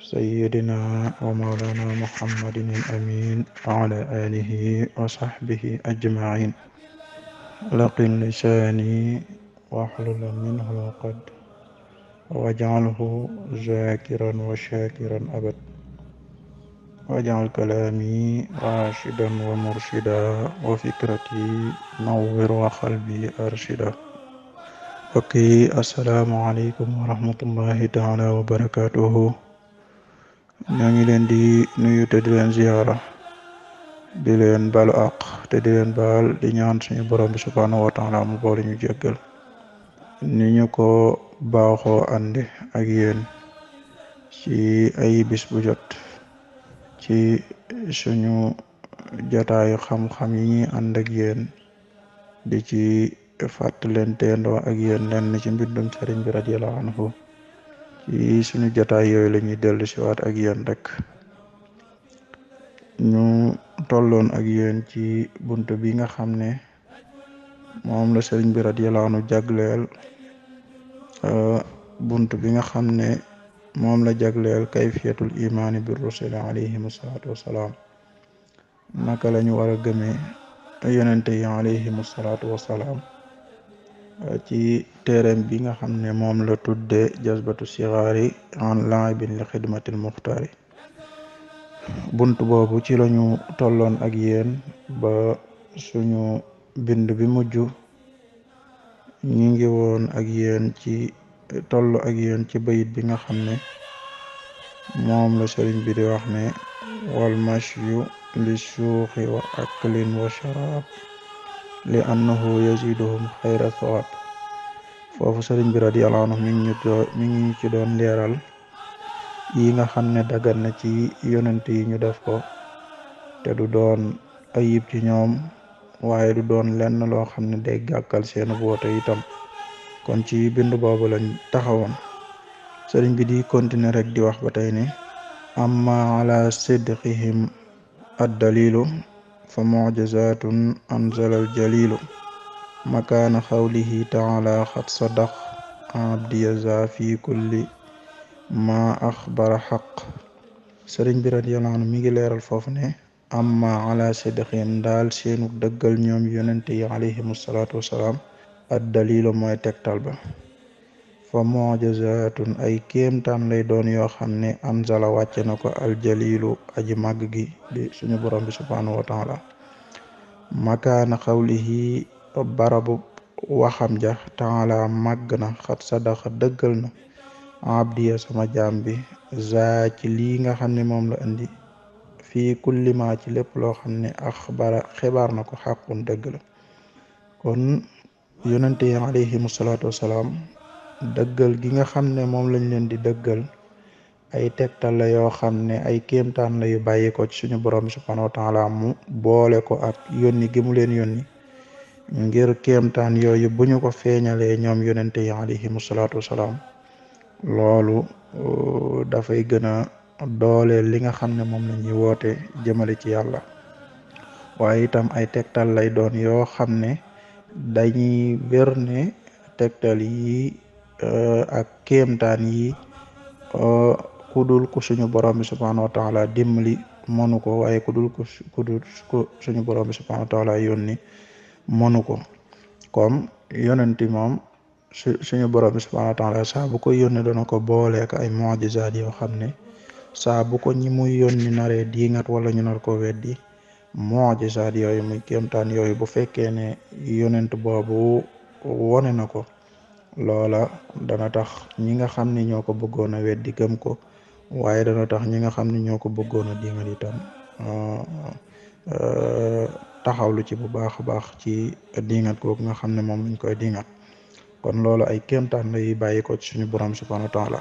سيدنا ومولانا محمد الأمين وعلى آله وصحبه أجمعين لقن لساني واحلل منه العقد واجعله ذاكرا وشاكرا أبدا واجعل كلامي راشدا ومرشدا وفكرتي نور وقلبي أرشدا فكي السلام عليكم ورحمة الله تعالى وبركاته ñoo ngi leen di nuyu te di leen ziyaara di leen balu àq te di leen bal di ñaan suñu borom bi subhaanahu wa taala mu boole ñu jéggal ni ñu ko baaxoo ànd ak yéen ci ay bis bu jot ci suñu jataayu xam-xam yi ñuy ànd ak yéen di ci leen fàttalentee ndoo ak yéen lenn ci mbindum sëriñ bi radiyallahu anhu ci suñu jotaay yooyu lañuy ñuy dellu si ak yéen rek ñu tolloon ak yéen ci bunt bi nga xam ne moom la sëriñ bi radiyallahu jagleel euh, bunt bi nga xam ne moom la jagleel kayfiyatul imaani bi rusuli alayhim asalaatu wasalaam naka la ñu war a gëmee yonente yi alayhim asalaatu wasalaam ci téereem bi nga xam ne moom la tudde jazbatu sigaari an laibin li xidmatil muxtaari bunt boobu ci lañu tolloon ak yéen ba suñu bind bi mujj ñu ngi woon ak yéen ci toll ak yéen ci bayit bi nga xam ne moom la sëriñ bi di wax ne wal mashyu li suuxi wa aklin wa sharaab li annahu yaziduhum xayra sawab foofu sëriñ bi radiyallahu anhu mi ngi ñu ci doon leeral yi nga xam ne dagan na ci yonent yi ñu def ko te du doon ayib ci ñoom waaye du doon lenn loo xam ne day gàkkal seen woote itam kon ci bindu boobu lañ taxawoon sëriñ bi di continuer rek di wax ba tey ni amma ala sidqihim ad dalilu fa mucjizatun anzala aljalilu makaana xawlihi taala xad sadax abdiyaza fi kulli ma axbara xaq sëriñ bi radiyallahu anhu mi ngi leeral foofu ne amma ala sidqin daal seenu dëggal ñoom yonente yi alayhim salaatu wasalaam ad dalilu mooy ba fa mojizatun ay kéemtaan lay doon yoo xam ne anzala wàcce na ko aljalilu aji màgg gi di suñu borom bi subhanahu wa taala makaana xawlihi barabu waxam ja taala màgg na xat sadaxa dëggal na abdiya sama jaam bi zaa ci lii nga xam ne moom la indi fii kulli ma ci lépp loo xam ne axbara xibaar na ko xàqun dëgg kon yonente alayhimu salaatu wasalaam dëggal gi nga xam ne moom lañ leen di dëggal ay tegtal la yoo xam ne ay kéemtaan la yu bàyyi ko ci suñu borom subhanahu wa taala mu boole ko ak yónni gi mu leen yónni ngir kéemtaan yooyu buñu ko feeñalee ñoom yonente yi alayhimu salaatu wasalaam loolu uh, dafay gën a dooleel li nga xam ne moom la ñuy woote jëmale ci yàlla waaye itam ay tektal lay doon yoo xam ne dañuy wér ne tegtal yi Euh, ak kéemtaan yi euh, ku dul ku suñu borom bi subhanahu wa taala dimbali mënu ko waaye ku ku suñu borom bi subhanahu wa taala yónni mënu ko comme yonenti moom su suñu borom bi subhanahu wa taala bu ko yónni dana ko booleek ay mujizaat yoo xam ne saa bu ko ñi muy yónni naree diingat wala ñu nar ko weddi mujizaat yooyu muy kéemtaan yooyu bu fekkee ne yonent boobu wone na ko loola dana tax ñi nga xam ni ñoo ko bëggoon a weddi gëm ko waaye dana tax ñi nga xam ni ñoo ko bëggoon a diiŋat itam ah, ah, taxawlu ci bu baax a baax ci diiŋat googu nga xam ne moom lañ koy diiŋat kon loolu ay kéemtaan lay bàyyi ko ci suñu borom subhanahu wa taala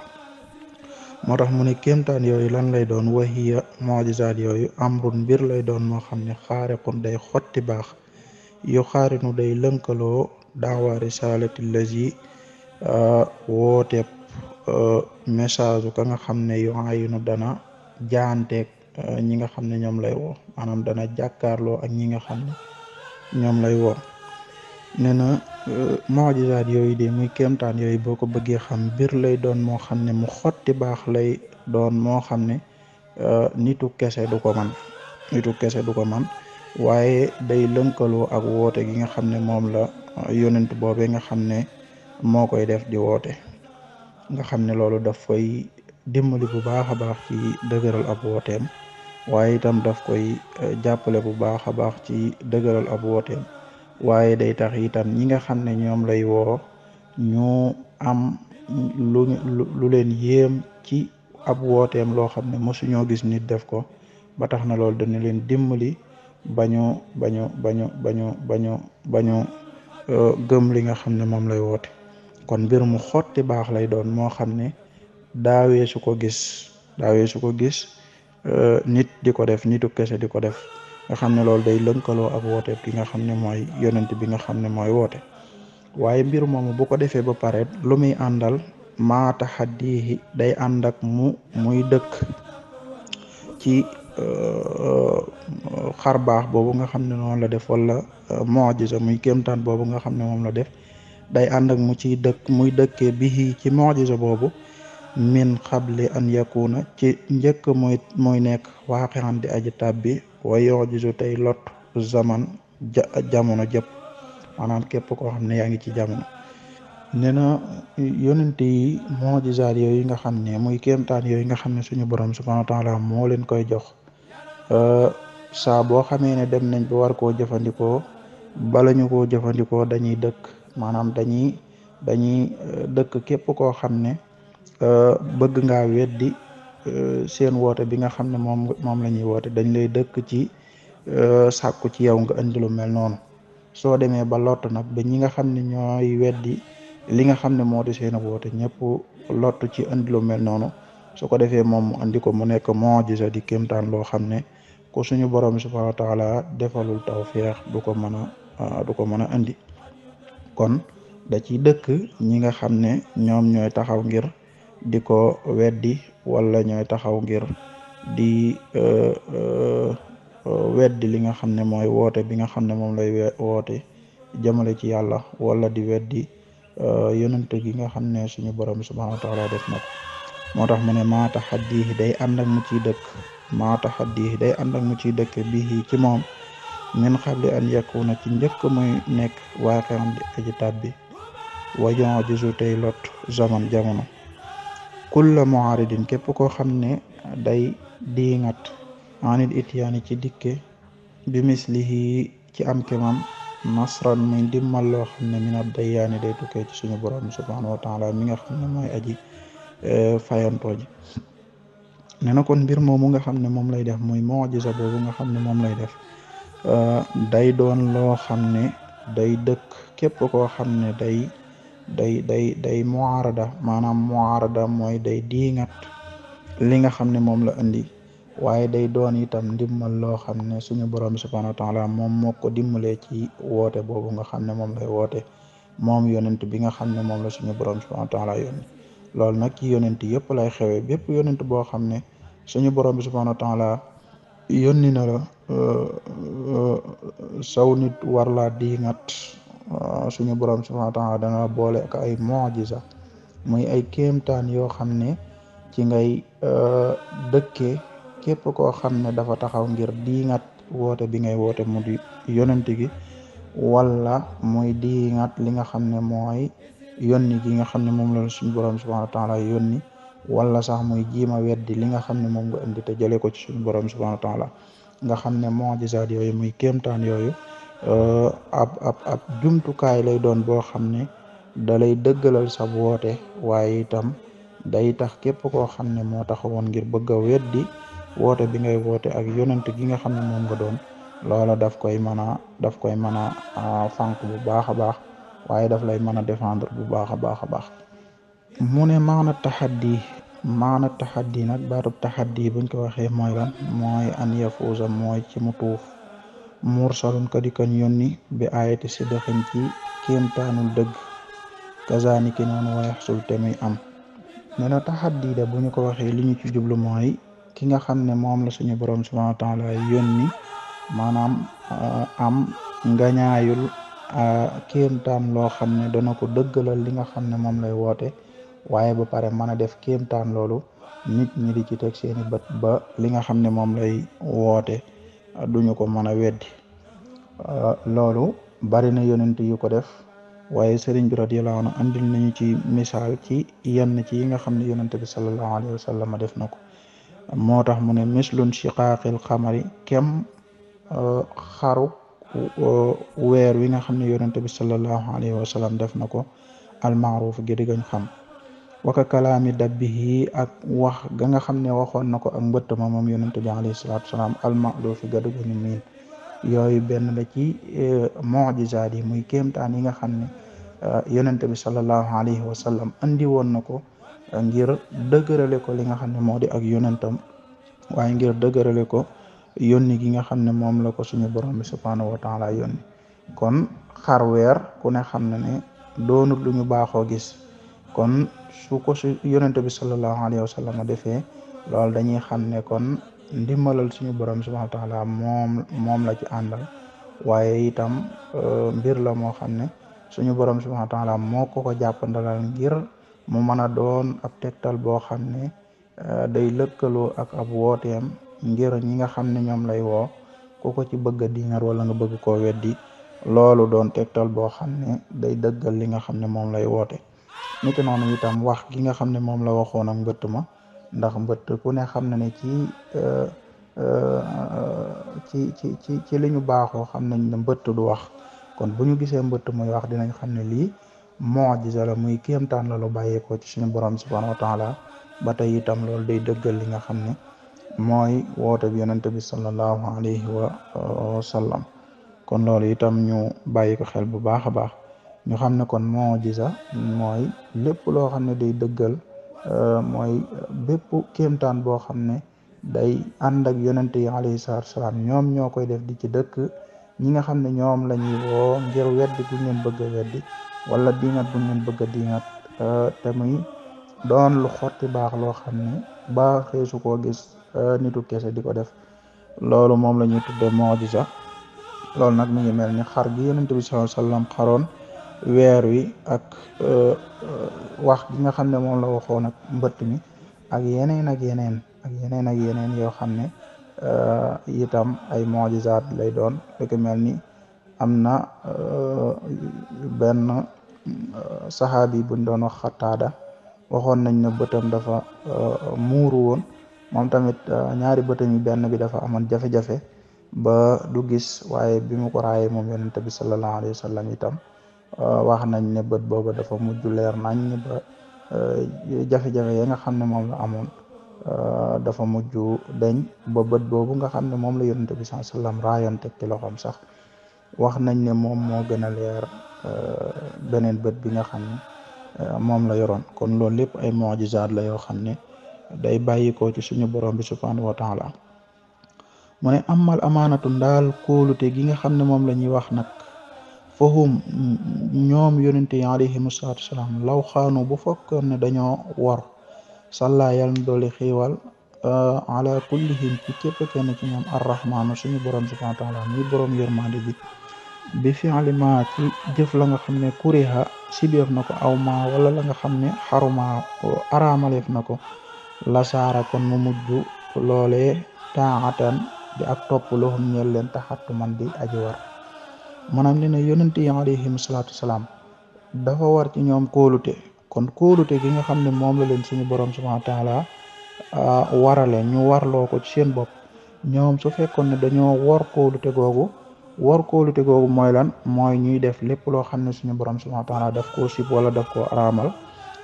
moo tax mu ne kéemtaan yooyu lan lay doon wahiya mujizaat yooyu amrun mbir lay doon moo xam ne xaariqun day xotti baax yu nu day lënkaloo daawa risalati lazi Euh, wooteeb euh, message ka nga xam ne yuayinu dana jaanteeg euh, ñi nga xam ne ñoom lay woo maanaam dana jàkkaarloo ak ñi nga xam ne ñoom lay woo nee na mujizaat yooyu de muy kéemtaan yooyu boo ko bëggee xam mbir lay doon moo xam ne mu xotti baax lay doon moo xam ne nitu kese du ko man nitu kese du ko man waaye day lënkaloo ak woote gi nga xam ne moom la yonent boobee nga xam ne moo koy def di woote nga xam ne loolu daf koy dimbali bu baax a baax ci dëgëral ab wooteem waaye itam daf koy eh, jàppale bu baax a baax ci dëgëral ab wooteem waaye day tax itam ñi nga xam ne ñoom lay woo ñu am lu leen yéem ci ab wooteem loo xam ne mosuñoo gis nit def ko ba tax na loolu dana leen dimbali bañu bañu bañu bañu bañu bañu eh, gëm li nga xam ne moom lay woote kon mbir mu xotti baax lay doon moo xam ne daawee su ko gis daawee su ko gis euh, nit di ko def nitu kese di ko def nga xam ne loolu day lënkaloo ak woote ki nga xam ne mooy yonent bi nga xam ne mooy woote waaye mbir moom bu ko defee ba pare lu muy àndal maata xaddihi day ànd mu muy dëkk ci euh, xar baax boobu nga xam ne noonu la def wala euh, mujiza muy kéemtaan boobu nga xam ne moom la def day ànd ak mu ciy dëkk muy dëkkee bihi ci mujiza boobu min xable an yakuna ci njëkk mooy mooy nekk waaqiran di aji tàbbi wa yujizu tey lot zaman jamono jëpp maanaam képp koo xam ne yaa ngi ci jamono nee na yonent yi mujizaat yooyu nga xam ne muy kéemtaan yooyu nga xam ne suñu borom subhanahu wa mu moo leen koy jox euh, saa boo xamee ne dem nañ ba war koo jëfandikoo balañu ko koo jëfandikoo dañuy dëkk maanaam dañuy dañuy euh, dëkk képp koo xam ne euh, bëgg ngaa weddi euh, seen woote bi nga xam ne moom moom la ñuy woote dañ lay dëkk ci sàkku ci yow nga indi lu mel noonu soo demee ba lott nag ba ñi nga xam ne ñooy weddi li nga xam ne moo di seen woote ñëpp lott ci indi lu mel noonu su ko defee moom mu andi ko mu nekk moo gisa di kéemtaan loo xam ne ko suñu borom subhanahu wa taala defalul tawfeex du ko mën a du ko mën a andi kon da ci dëkk ñi nga xam ne ñoom ñooy taxaw ngir di ko weddi wala ñooy taxaw ngir di euh, euh, euh, weddi li nga xam ne mooy woote bi nga xam ne moom lay woote jëmale ci yàlla wala di weddi yonent gi nga xam ne suñu borom subhanahu wa taala def na ko moo tax mu ne tax maata xaddihi day ànd mu ci dëkk maata xaddihi day ànd ak mu ci dëkk bii ci moom min xable an yakuna ci njëkk muy nekk waaxeam di aji tàbbi wajon jisu tey lot zaman jamono kulla muaridin képp koo xam ne day diingat anit ityaani ci dikke bi mislihi ci am kemam nasran muy dimmal loo xam ne minat day yaani day tukkee suñu borom subhanahu mi nga xam ne mooy aji e, fayantoo ji nee na kon mbir moomu nga xam ne moom lay def muy mujiza boobu nga xam ne moom lay def Euh, day doon loo xam ne day dëkk képp koo xam ne day day day day muarada maanaam muarada mooy day diingat li nga xam ne moom la indi waaye day doon itam ndimmal loo xam ne suñu borom subhanahu wa taala moom moo ko dimbalee ci woote boobu nga xam ne moom lay woote moom yonent bi nga xam ne moom la suñu borom subhanahu wa taala yónni loolu nag yëpp lay xewee bépp yonent boo xam ne suñu borom bi subhanahu wa taala yónni na la euh, euh, saw nit war laa euh, suñu borom subhanahu wa taala dana boole ak ay mujiza muy ay kéemtaan yoo xam ne ci ngay dëkkee képp koo xam ne dafa taxaw ngir diingat woote bi ngay woote mu di yonent gi wala muy diingat li nga xam ne mooy yónni gi nga xam ne moom la suñ borom subhanahu wa taala yónni wala sax muy jiima weddi li nga xam ne moom nga indi te jëlee ko ci suñu borom subhanahu wa taala nga xam ne mu'jizaat yooyu muy kéemtaan yooyu euh, ab ab jumtukaay lay doon boo xam ne da lay dëggalal sa woote waaye itam day tax képp koo xam ne moo tax taxawoon ngir bëgg a weddi woote bi ngay woote ak yonent gi nga xam ne moom nga doon loolo daf koy mën a daf koy mën a euh, fànq bu baax a baax waaye daf lay mën a défendre bu baax a baax a baax. mu ne maana taxaddi maana taxaddi nag baatub taxaddi buñ ko waxee mooy lan mooy an yafuusa mooy ci mu tuuf mursalun kadi kan yónni bi ayati si doxin ci kéemtaanul dëgg kazaniki noonu wayaxsul te muy am ne na taxaddi da bu ñu ko waxee liñu ci jublu mooy ki nga xam ne moom la suñu borom subhanahu wa taala yónni maanaam uh, am ngañaayul uh, kéemtaan loo xam ne dana ko dëggalal li nga xam ne moom lay woote waaye ba pare mën a def kéemtaan loolu nit ñi di ci teg seeni bët ba li nga xam ne moom lay woote duñu ko mën a weddi euh, loolu bari na yonent yu ko def waaye sëriñ bi radiyallahu anhu andil nañu ci misaal ci yenn ci yi nga xam ne yonent bi sallallahu alayhi wa sallam def na ko moo tax mu ne mislun shiqaaqil xamari kem euh, xaru euh, weer wi nga xam ne yonent bi sallallahu alayhi wa sallam def na ko almaaruf gi di gañ xam waka kalaami dabbihi ak wax ga nga xam ne waxoon na ko ak mbëtt ma moom yonente bi alayhi salaatu wasalaam almalo fi gadu gunu miin yooyu benn la ci eh, mujizaat di muy kéemtaan yi nga xam ne eh, yonente bi sallallahu alayhi wa sallam andi woon na ko eh, ngir dëgërale ko li nga xam ne moo di ak yonentam waaye ngir dëgërale ko yónni gi nga xam ne moom la ko suñu borom bi subhanahu wa taala yónni kon xar ku ne xam ne ne doonut lu ñu baaxoo gis kon su ko su yonente bi sallallahu alayhi wa sallam defee loolu dañuy xam ne kon ndimbalal suñu borom subhanahu wa taala moom moom la ci àndal waaye itam euh, mbir la moo xam ne suñu borom subhanahu wa taala moo koko ko ngir mu mën a doon ab tegtal boo xam ne euh, day lëkkaloo ak ab wooteem ngir ñi nga xam ne ñoom lay woo ku ci bëgg a diinar wala nga bëgg koo weddi loolu doon tegtal boo xam ne day dëggal li nga xam ne moom lay woote niki noonu itam wax gi nga xam ne moom la waxoon ak mbëtt ma ndax mbët ku ne xam na ne ci euh, euh, ci ci ci ci li baaxoo xam nañ ne mbëtt du wax kon bu ñu gisee mbëtt mooy wax dinañ xam ne lii mu'jiza la muy kéemtaan la lu bàyyeekoo ci suñu borom subhanahu wa taala ba tey itam loolu day dëggal li nga xam ne mooy woote bi yonente bi sallallahu alayhi wa sallam kon loolu itam ñu bàyyi xel bu baax a baax ñu xam ne kon mujiza mooy lépp loo xam ne day dëggal euh, mooy bépp kéemtaan boo xam ne day ànd ak yonente yi alayhi salaatu ñoom ñoo koy def di ci dëkk ñi nga xam ne ñoom lañuy ñuy woo ngir weddi bu ñu leen bëgg a weddi wala diingat bu ñu leen bëgg a diingat euh, te muy doon lu xotti baax loo xam ne baax xeesu koo gis euh, nitu kese di ko def loolu moom la ñuy tudde mujiza loolu nag mu ngi mel ni xar gi yonente bi sallallahu alayhi xaroon weer wi ak euh, euh, wax gi nga xam ne moom la waxoon ak mbëtt mi ak yeneen ak yeneen yeneen ak yeneen yoo xam ne euh, itam ay mojisaat lay doon fekk mel ni am na benn saxaabi buñ doon wax xataada waxoon nañ ne bëtam dafa muuru woon moom tamit ñaari bëtam benn bi dafa amoon jafe-jafe ba du gis waaye bi mu raayee moom yonente bi sallallahu alayhi wa sallam itam Euh, wax nañ ne bët booba dafa mujj leer nañ ba euh, jafe-jafe ya nga xam ne moom la amoon euh, dafa mujj deñ ba bët boobu nga xam ne moom la yonente bi sallallahu raayoon teg ci loxoom sax wax nañ ne moom moo gën a leer beneen bët bi nga xam moom la yoroon kon loolu lépp ay mu'jizaat la yoo xam ne day bàyyikoo ci suñu borom bi subhanahu wa taala mu ne amal amaanatu ndaal kóolute gi nga xam ne moom la ñuy wax nag fahum ñoom yonente yi alayhim salaatu law xaanu bu fekkoon ne dañoo wor salla yal na doole xiiwal uh, ala kullihim ci képp kenn ci ñoom arrahmaanu suñu borom subhaanahu wa mi borom yërmande bi bi fi'li ma ci jëf la nga xam ne kuriha sibeef na ko aw ma wala la nga xam ne xaruma araamaleef na ko la saara kon mu mujj loolee taatan di ak topp loo ñeel leen taxattu man di aji war maanaam nee yenn yonent yi alayhim salaatu salaam dafa war ci ñoom kóolute kon kóolute gi nga xam ne moom la leen suñu borom subhaana taala uh, warale ñu warloo ko ci seen bopp ñoom su fekkoon ne dañoo war kóolute googu war kóolute googu mooy lan mooy ñuy def lépp loo xam ne suñu borom subhaana taala daf ko sib wala daf koo araamal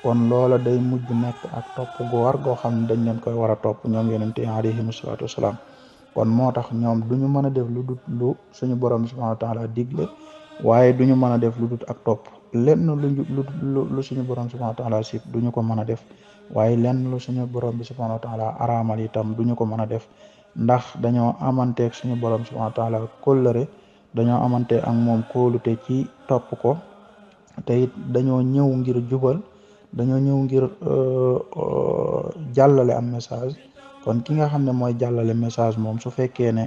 kon loola day mujj nekk ak topp gu war goo xam ne dañ leen koy war a topp ñoom yonent yi alayhim salaatu wasalaam kon moo tax ñoom du mën a def lu dut lu suñu borom subhanahu wa taala digle waaye du ñu mën a def lu dut ak topp lenn lu suñu borom subhanahu wa taala sib duñu ko mën a def waaye lenn lu suñu borom bi subhanahu wa taala araamal itam du ko mën a def ndax dañoo amanteeg suñu borom subhanahu wa taala kóllëre dañoo amante ak moom kóolute ci topp ko te it dañoo ñëw ngir jubal dañoo ñëw ngir euh, euh, jàllale am message kon ki nga xam ne mooy jàllale message moom su fekkee ne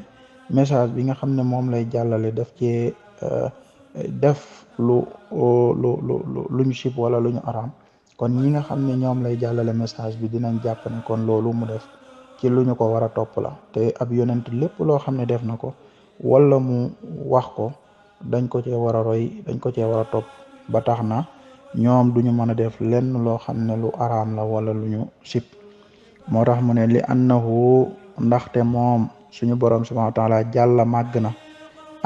message bi nga xam ne moom lay jàllale daf cee euh, def lu lu lu lu ñu sib wala lu ñu araam kon ñi nga xam ne ñoom lay jàllale message bi dinañ jàpp ne kon loolu mu def ci lu ñu ko war a topp la te ab yonent lépp loo xam ne def na ko walla mu wax ko dañ ko cee war a roy dañ ko cee war a topp ba tax na ñoom duñu mën a def lenn loo xam ne lu araam la wala lu ñu sib moo tax mu ne li annahu ndaxte moom suñu borom subhanahu wa taala jàlla màgg na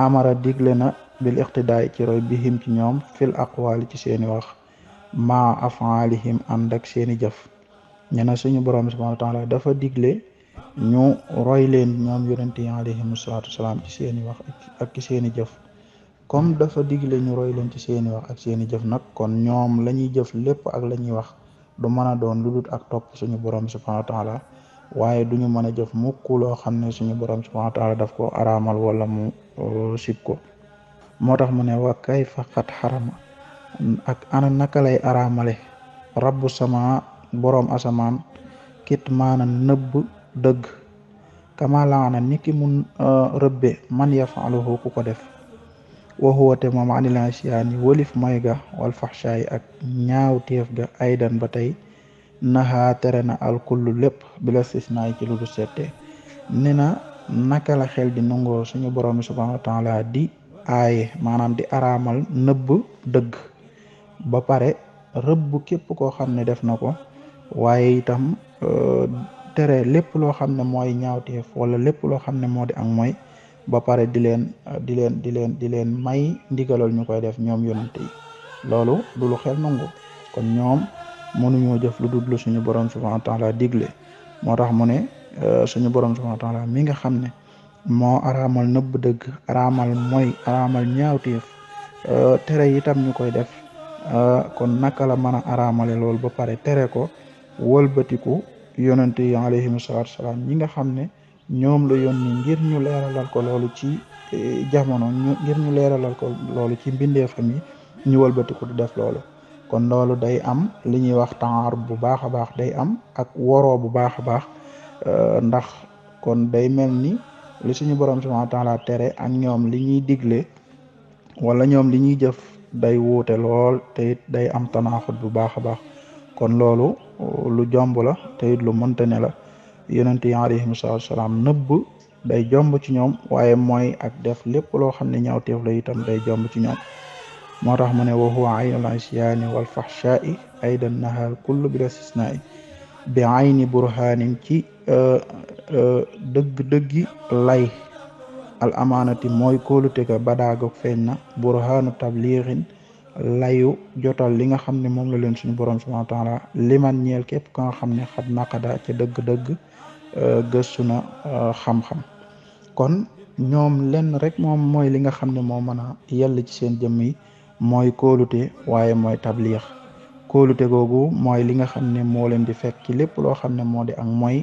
amara digle na bil iqtidaay ci roy bihim ci ñoom fil aqwaali ci seeni wax ma afaalihim ànd ak seeni jëf ñu suñu borom subhanahu wa taala dafa digle ñu roy leen ñoom yonente yi alayhim salaatu wasalaam ci seeni wax ak seeni jëf comme dafa digle ñu roy leen ci seeni wax ak seeni jëf nag kon ñoom la ñuy jëf lépp ak lañuy wax du mën a doon lu dul ak topp suñu borom subhanahu wa taala waaye du ñu mën a jëf mukk loo xam ne suñu borom subhanahu wa taala daf ko araamal wala mu sib ko moo tax mu ne wa kayfa qad xarama ak ana naka lay aramale rabbu sama borom asamaan kit maana nëbb dëgg kama laana niki mun rëbbe man yafaluhu ku ko def wa huwa te moom anil asyaani wolif mooy ga wal faxshaay ak ñaaw téef ga aydan ba tey naxaa tere na alkullu lépp bila sisnaay ci lu du sette ne na naka la xel di nangoo suñu borom bi subhaanahu wa di aaye maanaam di araamal nëbb dëgg ba pare rëbb képp koo xam ne def na ko waaye itam euh, tere lépp loo xam ne mooy ñaawteef wala lépp loo xam ne moo di ak mooy ba pare di leen di leen di leen di leen may ndigalal ñu koy def ñoom yonante loolu dulu xel nangu kon ñoom mënuñoo jëf lu dul suñu borom subhanahu wa laa digle moo tax mu ne euh, suñu borom subhanahu wa taala mi nga xam ne moo araamal nëbb dëgg araamal mooy araamal ñaawteef euh, tere itam ñu koy def euh, kon naka la mën a araamale loolu ba pare tere ko wëlbatiku yonante yi alayhim salaatu salaam ñi nga xam ne ñoom la yónni ngir ñu leeralal ko loolu ci eh, jamono ngir ñu leeralal ko loolu ci mbindee yi ñu wëlbatiku du def loolu kon loolu day am li ñuy wax taar bu baax a baax day am ak woro bu baax a baax eh, ndax kon day mel ni lu suñu borom subhanahu wa taala tere ak ñoom li ñuy digle wala ñoom li ñuy jëf day wuute lool te it day am tanaaxut bu baax a baax kon loolu eh, lu jomb la te it lu mënta la yeneen yi alayhim salaatu salaam nëbb day jomb ci ñoom waaye mooy ak def lépp loo xam ne ñaawteef la itam day jomb ci ñoom moo tax mu ne wa huwa aynul isyaani wal fahshaa'i aydan nahar kullu bil istisnaa'i bi ayni burhaanin ci euh, euh, dëgg-dëggi lay al amaanati mooy kóolute ga badaagoog feeñ na burhaanu tabliixin layu jotal li nga xam ne moom la leen suñu borom subhanahu wa taala liman ñeel képp ka nga xam ne xat naqada ca dëgg-dëgg euh, gëstu na euh, xam-xam kon ñoom lenn rek moom mooy li nga xam ne moo mën a yell ci seen jëmmi yi mooy kóolute waaye mooy tabliix kóolute googu mooy li nga xam ne moo leen di fekk ci lépp loo xam ne moo di ak mooy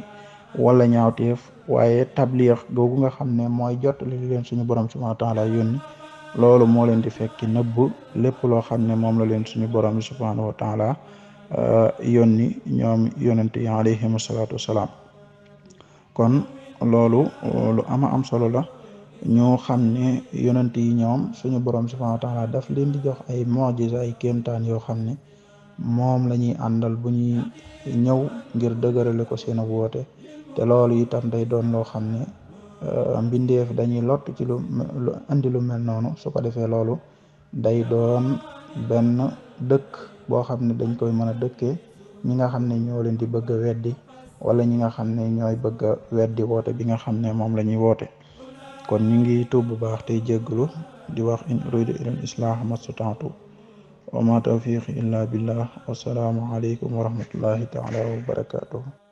wala ñaawteef waaye tabliix googu nga xam ne mooy jot li leen suñu borom subhanahu wa taala yónni loolu moo leen di fekki nëbb lépp loo xam ne moom la leen suñu borom bi subhanahu wa taala euh, yónni ñoom yonente yi alayhim asalatu wasalaam kon loolu euh, lu ama am solo la ñu xam ne yonent yi ñoom suñu borom subhanahu wa taala daf leen di jox ay mojisa ay kéemtaan yoo xam ne moom la ñuy àndal bu ñuy ñëw ngir dëgërale ko seen woote te loolu itam day doon loo xam ne Euh, mbindeef dañuy lott ci lu andi lu mel noonu su ko defee loolu day doon benn dëkk boo xam ne dañ koy mën a dëkkee ñi nga xam ne ñoo leen di bëgg a weddi wala ñi nga xam ne ñooy bëgg a weddi woote bi nga xam ne moom la ñuy woote kon ñu ngi tuub bu baax tey jégglu di wax in uridu ilal islah mastataatu wa ma tawfiqi illa billah wasalaamu aleykum wa rahmatullahi taala